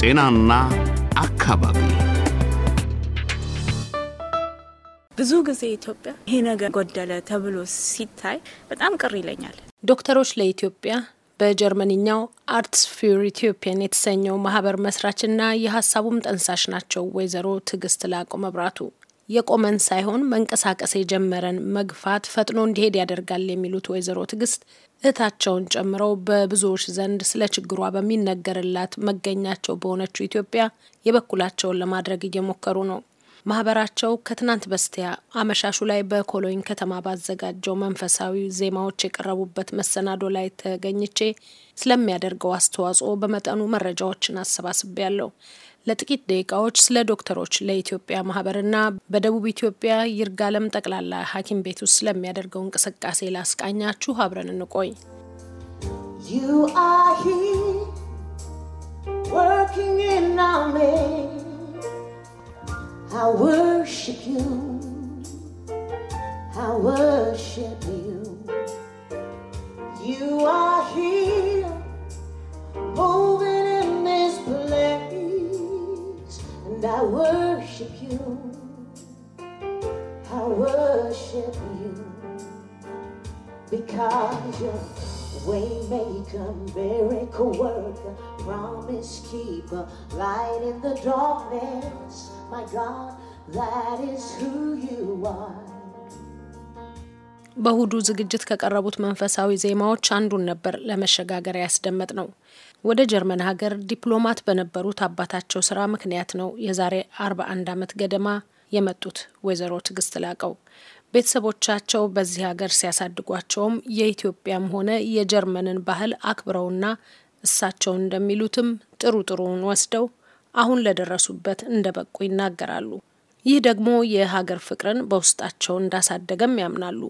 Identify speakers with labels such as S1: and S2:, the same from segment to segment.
S1: ጤናና አካባቢ
S2: ብዙ ጊዜ ኢትዮጵያ ይሄ ነገር ጎደለ ተብሎ ሲታይ በጣም ቅር ይለኛል። ዶክተሮች
S3: ለኢትዮጵያ በጀርመንኛው አርትስ ፊር ኢትዮጵያን የተሰኘው ማህበር መስራችና የሀሳቡም ጠንሳሽ ናቸው። ወይዘሮ ትዕግስት ላቁ መብራቱ የቆመን ሳይሆን መንቀሳቀስ የጀመረን መግፋት ፈጥኖ እንዲሄድ ያደርጋል የሚሉት ወይዘሮ ትግስት እህታቸውን ጨምረው በብዙዎች ዘንድ ስለ ችግሯ በሚነገርላት መገኛቸው በሆነችው ኢትዮጵያ የበኩላቸውን ለማድረግ እየሞከሩ ነው። ማህበራቸው ከትናንት በስቲያ አመሻሹ ላይ በኮሎኝ ከተማ ባዘጋጀው መንፈሳዊ ዜማዎች የቀረቡበት መሰናዶ ላይ ተገኝቼ ስለሚያደርገው አስተዋጽኦ በመጠኑ መረጃዎችን አሰባስቤ ያለው ለጥቂት ደቂቃዎች ስለ ዶክተሮች ለኢትዮጵያ ማህበርና በደቡብ ኢትዮጵያ ይርጋለም ጠቅላላ ሐኪም ቤት ውስጥ ስለሚያደርገው እንቅስቃሴ ላስቃኛችሁ። አብረን እንቆይ። You are
S4: here.
S3: And I worship you. I worship you. Because you're Waymaker, miracle worker, promise keeper, light in the darkness. My God, that is who you are. በእሁዱ ዝግጅት ከቀረቡት መንፈሳዊ ዜማዎች አንዱን ነበር ለመሸጋገር ያስደመጥ ነው። ወደ ጀርመን ሀገር ዲፕሎማት በነበሩት አባታቸው ስራ ምክንያት ነው የዛሬ አርባ አንድ ዓመት ገደማ የመጡት ወይዘሮ ትግስት ላቀው። ቤተሰቦቻቸው በዚህ ሀገር ሲያሳድጓቸውም የኢትዮጵያም ሆነ የጀርመንን ባህል አክብረውና እሳቸው እንደሚሉትም ጥሩ ጥሩውን ወስደው አሁን ለደረሱበት እንደ በቁ ይናገራሉ። ይህ ደግሞ የሀገር ፍቅርን በውስጣቸው እንዳሳደገም ያምናሉ።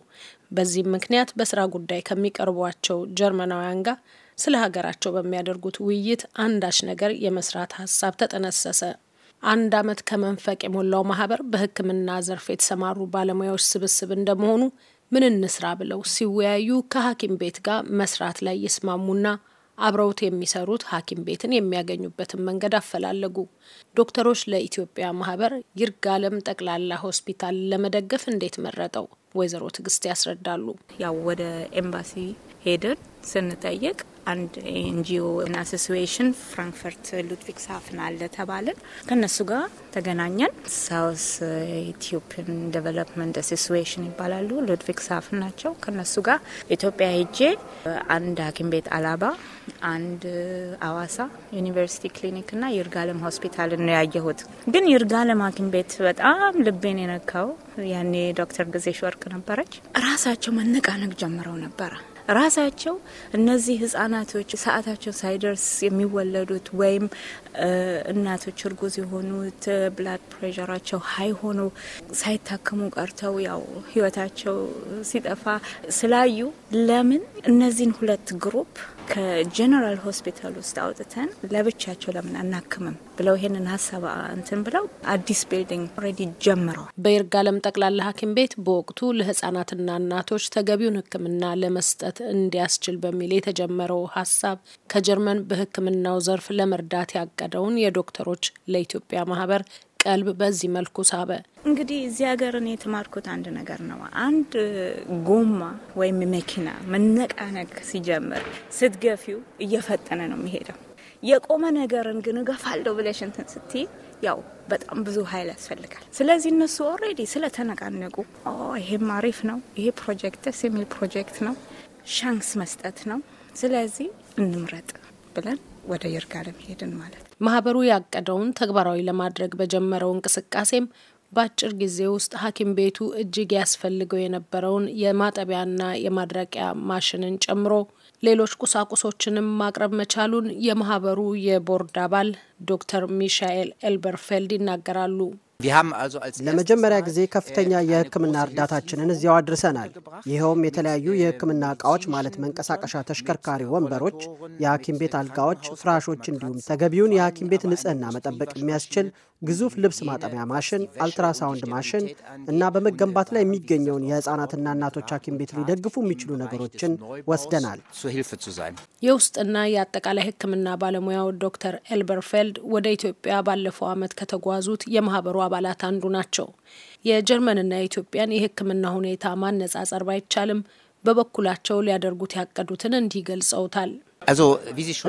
S3: በዚህም ምክንያት በስራ ጉዳይ ከሚቀርቧቸው ጀርመናውያን ጋር ስለ ሀገራቸው በሚያደርጉት ውይይት አንዳች ነገር የመስራት ሀሳብ ተጠነሰሰ። አንድ ዓመት ከመንፈቅ የሞላው ማህበር በሕክምና ዘርፍ የተሰማሩ ባለሙያዎች ስብስብ እንደመሆኑ ምን እንስራ ብለው ሲወያዩ ከሐኪም ቤት ጋር መስራት ላይ ይስማሙና አብረውት የሚሰሩት ሐኪም ቤትን የሚያገኙበትን መንገድ አፈላለጉ። ዶክተሮች ለኢትዮጵያ ማህበር ይርጋለም ጠቅላላ ሆስፒታል ለመደገፍ
S2: እንዴት መረጠው? ወይዘሮ ትዕግስት ያስረዳሉ። ያው ወደ ኤምባሲ ሄደን ስንጠየቅ አንድ ኤንጂኦ አሶሲዌሽን ፍራንክፈርት ሉድቪግ ሳፍን አለ ተባልን። ከነሱ ጋር ተገናኘን። ሳውስ ኢትዮጵያን ዴቨሎፕመንት አሶሲዌሽን ይባላሉ። ሉድቪግ ሳፍን ናቸው። ከነሱ ጋር ኢትዮጵያ ሄጄ አንድ ሐኪም ቤት አላባ፣ አንድ አዋሳ ዩኒቨርሲቲ ክሊኒክ ና ይርጋለም ሆስፒታል ነው ያየሁት። ግን ይርጋለም ሐኪም ቤት በጣም ልቤን የነካው ያኔ ዶክተር ጊዜሽ ወርቅ ነበረች። ራሳቸው መነቃነቅ ጀምረው ነበረ ራሳቸው እነዚህ ህጻናቶች ሰዓታቸው ሳይደርስ የሚወለዱት ወይም እናቶች እርጉዝ የሆኑት ብላድ ፕሬሸራቸው ሀይ ሆኖ ሳይታከሙ ቀርተው ያው ህይወታቸው ሲጠፋ ስላዩ ለምን እነዚህን ሁለት ግሩፕ ከጀነራል ሆስፒታል ውስጥ አውጥተን ለብቻቸው ለምን አናክምም ብለው ይሄንን ሀሳብ እንትን ብለው አዲስ ቢልዲንግ ኦልሬዲ ጀምረዋል። በይርጋለም ጠቅላላ ሐኪም
S3: ቤት በወቅቱ ለህጻናትና እናቶች ተገቢውን ሕክምና ለመስጠት እንዲያስችል በሚል የተጀመረው ሀሳብ ከጀርመን በሕክምናው ዘርፍ ለመርዳት ያቀደውን የዶክተሮች
S2: ለኢትዮጵያ ማህበር ቀልብ በዚህ መልኩ ሳበ። እንግዲህ እዚህ ሀገር እኔ የተማርኩት አንድ ነገር ነው። አንድ ጎማ ወይም መኪና መነቃነቅ ሲጀምር ስትገፊው እየፈጠነ ነው የሚሄደው። የቆመ ነገርን ግን እገፋለሁ ብለሽ እንትን ስትይ ያው በጣም ብዙ ኃይል ያስፈልጋል። ስለዚህ እነሱ ኦልሬዲ ስለተነቃነቁ ይሄም አሪፍ ነው፣ ይሄ ፕሮጀክት ደስ የሚል ፕሮጀክት ነው፣ ሻንስ መስጠት ነው፣ ስለዚህ እንምረጥ ብለን ወደ ይርጋለም ሄድን ማለት ነው። ማህበሩ ያቀደውን
S3: ተግባራዊ ለማድረግ በጀመረው እንቅስቃሴም በአጭር ጊዜ ውስጥ ሐኪም ቤቱ እጅግ ያስፈልገው የነበረውን የማጠቢያና የማድረቂያ ማሽንን ጨምሮ ሌሎች ቁሳቁሶችንም ማቅረብ መቻሉን የማህበሩ የቦርድ አባል ዶክተር ሚሻኤል ኤልበርፌልድ ይናገራሉ።
S4: ለመጀመሪያ ጊዜ ከፍተኛ የሕክምና እርዳታችንን እዚያው አድርሰናል። ይኸውም የተለያዩ የሕክምና እቃዎች ማለት መንቀሳቀሻ ተሽከርካሪ ወንበሮች፣ የሐኪም ቤት አልጋዎች፣ ፍራሾች እንዲሁም ተገቢውን የሐኪም ቤት ንጽህና መጠበቅ የሚያስችል ግዙፍ ልብስ ማጠቢያ ማሽን፣ አልትራሳውንድ ማሽን እና በመገንባት ላይ የሚገኘውን የህፃናትና እናቶች ሐኪም ቤት ሊደግፉ የሚችሉ ነገሮችን ወስደናል።
S3: የውስጥና የአጠቃላይ ሕክምና ባለሙያው ዶክተር ኤልበርፌል ፊልፈልድ ወደ ኢትዮጵያ ባለፈው ዓመት ከተጓዙት የማህበሩ አባላት አንዱ ናቸው። የጀርመንና የኢትዮጵያን የሕክምና ሁኔታ ማነጻጸር ባይቻልም በበኩላቸው ሊያደርጉት ያቀዱትን እንዲህ
S4: ገልጸውታል።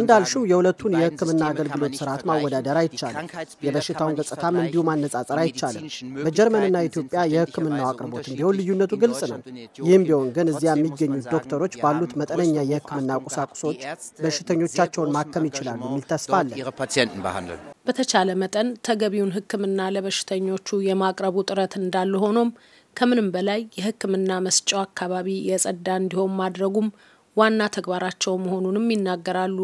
S4: እንዳልሽው የሁለቱን የሕክምና አገልግሎት ስርዓት ማወዳደር አይቻልም። የበሽታውን ገጽታም እንዲሁ ማነጻጸር አይቻልም። በጀርመንና ኢትዮጵያ የሕክምናው አቅርቦት እንዲሆን ልዩነቱ ግልጽ ነው። ይህም ቢሆን ግን እዚያ የሚገኙት ዶክተሮች ባሉት መጠነኛ የሕክምና ቁሳቁሶች በሽተኞቻቸውን ማከም ይችላሉ የሚል ተስፋ አለን። በተቻለ
S3: መጠን ተገቢውን ሕክምና ለበሽተኞቹ የማቅረቡ ጥረት እንዳለ ሆኖም ከምንም በላይ የሕክምና መስጫው አካባቢ የጸዳ እንዲሆን ማድረጉም ዋና ተግባራቸው መሆኑንም ይናገራሉ።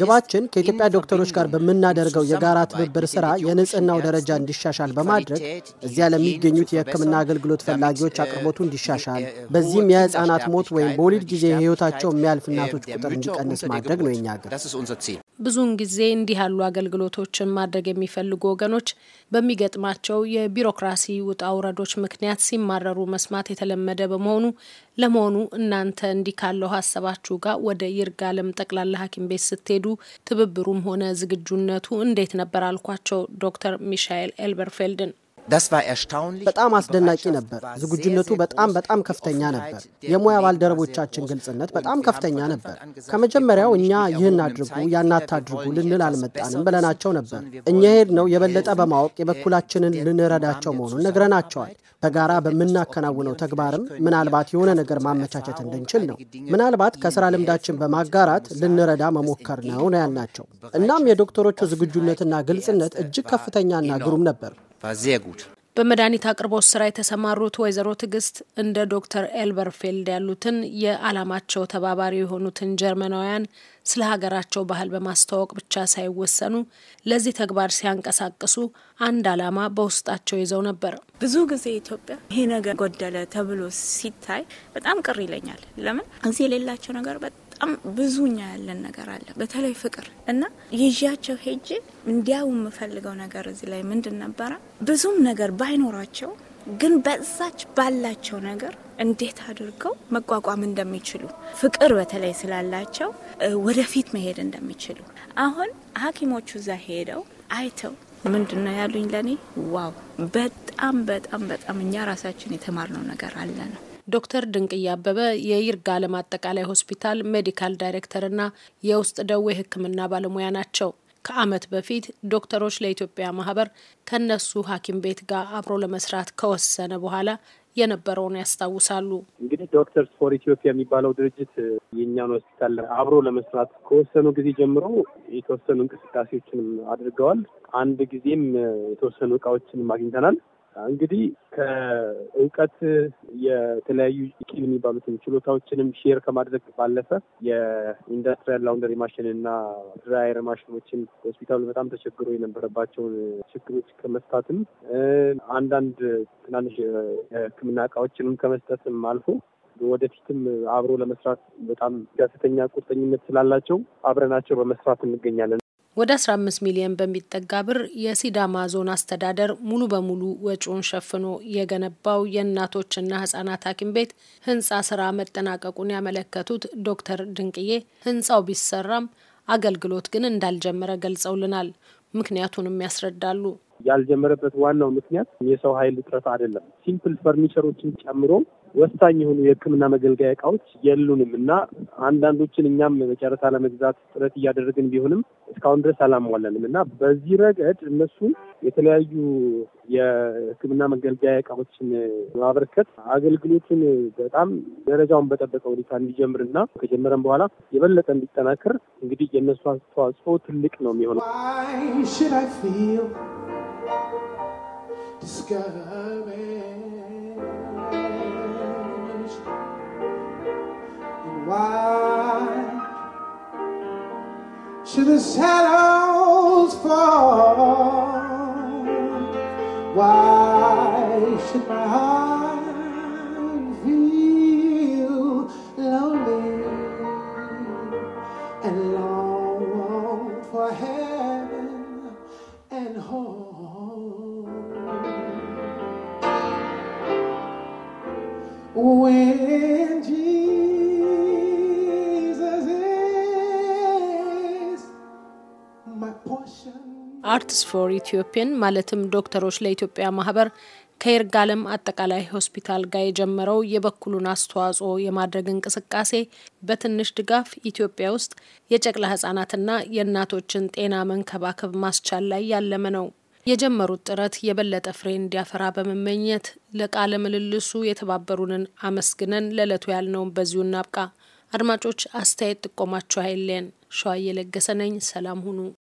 S4: ግባችን ከኢትዮጵያ ዶክተሮች ጋር በምናደርገው የጋራ ትብብር ስራ የንጽህናው ደረጃ እንዲሻሻል በማድረግ እዚያ ለሚገኙት የህክምና አገልግሎት ፈላጊዎች አቅርቦቱ እንዲሻሻል፣ በዚህም የህፃናት ሞት ወይም በወሊድ ጊዜ ህይወታቸው የሚያልፍ እናቶች ቁጥር እንዲቀንስ ማድረግ ነው የኛ
S1: ግብ።
S3: ብዙውን ጊዜ እንዲህ ያሉ አገልግሎቶችን ማድረግ የሚፈልጉ ወገኖች በሚገጥማቸው የቢሮክራሲ ውጣ ውረዶች ምክንያት ሲማረሩ መስማት የተለመደ በመሆኑ ለመሆኑ እናንተ እንዲህ ካለው ሀሳባችሁ ጋር ወደ ይርጋለም ጠቅላላ ሐኪም ቤት ስትሄዱ ትብብሩም ሆነ ዝግጁነቱ እንዴት ነበር? አልኳቸው ዶክተር ሚሻኤል ኤልበርፌልድን።
S4: በጣም አስደናቂ ነበር። ዝግጁነቱ በጣም በጣም ከፍተኛ ነበር። የሙያ ባልደረቦቻችን ግልጽነት በጣም ከፍተኛ ነበር። ከመጀመሪያው እኛ ይህን አድርጉ ያናታድርጉ ልንል አልመጣንም ብለናቸው ነበር። እኛ ነው የበለጠ በማወቅ የበኩላችንን ልንረዳቸው መሆኑን ነግረናቸዋል። በጋራ በምናከናውነው ተግባርም ምናልባት የሆነ ነገር ማመቻቸት እንድንችል ነው። ምናልባት ከስራ ልምዳችን በማጋራት ልንረዳ መሞከር ነው ነው ያልናቸው። እናም የዶክተሮቹ ዝግጁነትና ግልጽነት እጅግ ከፍተኛና ግሩም ነበር።
S3: በመድኃኒት አቅርቦት ስራ የተሰማሩት ወይዘሮ ትዕግስት እንደ ዶክተር ኤልበርፌልድ ያሉትን የዓላማቸው ተባባሪ የሆኑትን ጀርመናውያን ስለ ሀገራቸው ባህል በማስተዋወቅ ብቻ ሳይወሰኑ ለዚህ ተግባር
S2: ሲያንቀሳቅሱ አንድ ዓላማ በውስጣቸው ይዘው ነበር። ብዙ ጊዜ ኢትዮጵያ ይሄ ነገር ጎደለ ተብሎ ሲታይ በጣም ቅር ይለኛል። ለምን እዚህ የሌላቸው ነገር በጣም ብዙኛ ያለን ነገር አለ። በተለይ ፍቅር እና ይዣቸው ሄጄ እንዲያው የምፈልገው ነገር እዚህ ላይ ምንድን ነበረ ብዙም ነገር ባይኖራቸው ግን በዛች ባላቸው ነገር እንዴት አድርገው መቋቋም እንደሚችሉ ፍቅር በተለይ ስላላቸው ወደፊት መሄድ እንደሚችሉ አሁን ሐኪሞቹ እዛ ሄደው አይተው ምንድን ነው ያሉኝ ለእኔ ዋው በጣም በጣም በጣም እኛ ራሳችን
S3: የተማርነው ነገር አለ ነው ዶክተር ድንቅ እያበበ የይርጋ ዓለም አጠቃላይ ሆስፒታል ሜዲካል ዳይሬክተርና የውስጥ ደዌ ሕክምና ባለሙያ ናቸው። ከዓመት በፊት ዶክተሮች ለኢትዮጵያ ማህበር ከነሱ ሐኪም ቤት ጋር አብሮ ለመስራት ከወሰነ በኋላ የነበረውን ያስታውሳሉ።
S1: እንግዲህ ዶክተርስ ፎር ኢትዮጵያ የሚባለው ድርጅት የእኛን ሆስፒታል አብሮ ለመስራት ከወሰኑ ጊዜ ጀምሮ የተወሰኑ እንቅስቃሴዎችንም አድርገዋል። አንድ ጊዜም የተወሰኑ እቃዎችንም አግኝተናል። እንግዲህ ከእውቀት የተለያዩ ቂል የሚባሉትን ችሎታዎችንም ሼር ከማድረግ ባለፈ የኢንዱስትሪያል ላውንደሪ ማሽን እና ድራየር ማሽኖችን ሆስፒታሉ በጣም ተቸግሮ የነበረባቸውን ችግሮች ከመፍታትም አንዳንድ ትናንሽ የሕክምና እቃዎችንም ከመስጠትም አልፎ ወደፊትም አብሮ ለመስራት በጣም ከፍተኛ ቁርጠኝነት ስላላቸው አብረናቸው በመስራት እንገኛለን።
S3: ወደ 15 ሚሊዮን በሚጠጋ ብር የሲዳማ ዞን አስተዳደር ሙሉ በሙሉ ወጪውን ሸፍኖ የገነባው የእናቶችና ህጻናት ሐኪም ቤት ህንፃ ስራ መጠናቀቁን ያመለከቱት ዶክተር ድንቅዬ ህንፃው ቢሰራም አገልግሎት ግን እንዳልጀመረ ገልጸውልናል። ምክንያቱንም
S1: ያስረዳሉ። ያልጀመረበት ዋናው ምክንያት የሰው ኃይል እጥረት አይደለም። ሲምፕል ፈርኒቸሮችን ጨምሮ ወሳኝ የሆኑ የሕክምና መገልገያ እቃዎች የሉንም እና አንዳንዶችን እኛም መጨረሻ ለመግዛት ጥረት እያደረግን ቢሆንም እስካሁን ድረስ አላሟለንም እና በዚህ ረገድ እነሱን የተለያዩ የሕክምና መገልገያ እቃዎችን ማበረከት አገልግሎቱን በጣም ደረጃውን በጠበቀ ሁኔታ እንዲጀምር እና ከጀመረም በኋላ የበለጠ እንዲጠናከር እንግዲህ የእነሱ አስተዋጽኦ ትልቅ ነው የሚሆነው። discouraged and
S4: why should the shadows fall why should my heart When Jesus is my portion.
S3: አርትስ ፎር ኢትዮጵያን ማለትም ዶክተሮች ለኢትዮጵያ ማህበር ከይርጋለም አጠቃላይ ሆስፒታል ጋር የጀመረው የበኩሉን አስተዋጽኦ የማድረግ እንቅስቃሴ በትንሽ ድጋፍ ኢትዮጵያ ውስጥ የጨቅላ ህጻናትና የእናቶችን ጤና መንከባከብ ማስቻል ላይ ያለመ ነው። የጀመሩት ጥረት የበለጠ ፍሬ እንዲያፈራ በመመኘት ለቃለ ምልልሱ የተባበሩንን አመስግነን ለዕለቱ ያልነውን በዚሁ እናብቃ። አድማጮች አስተያየት ጥቆማችሁ አይለን። ሸዋ እየለገሰ ነኝ። ሰላም ሁኑ።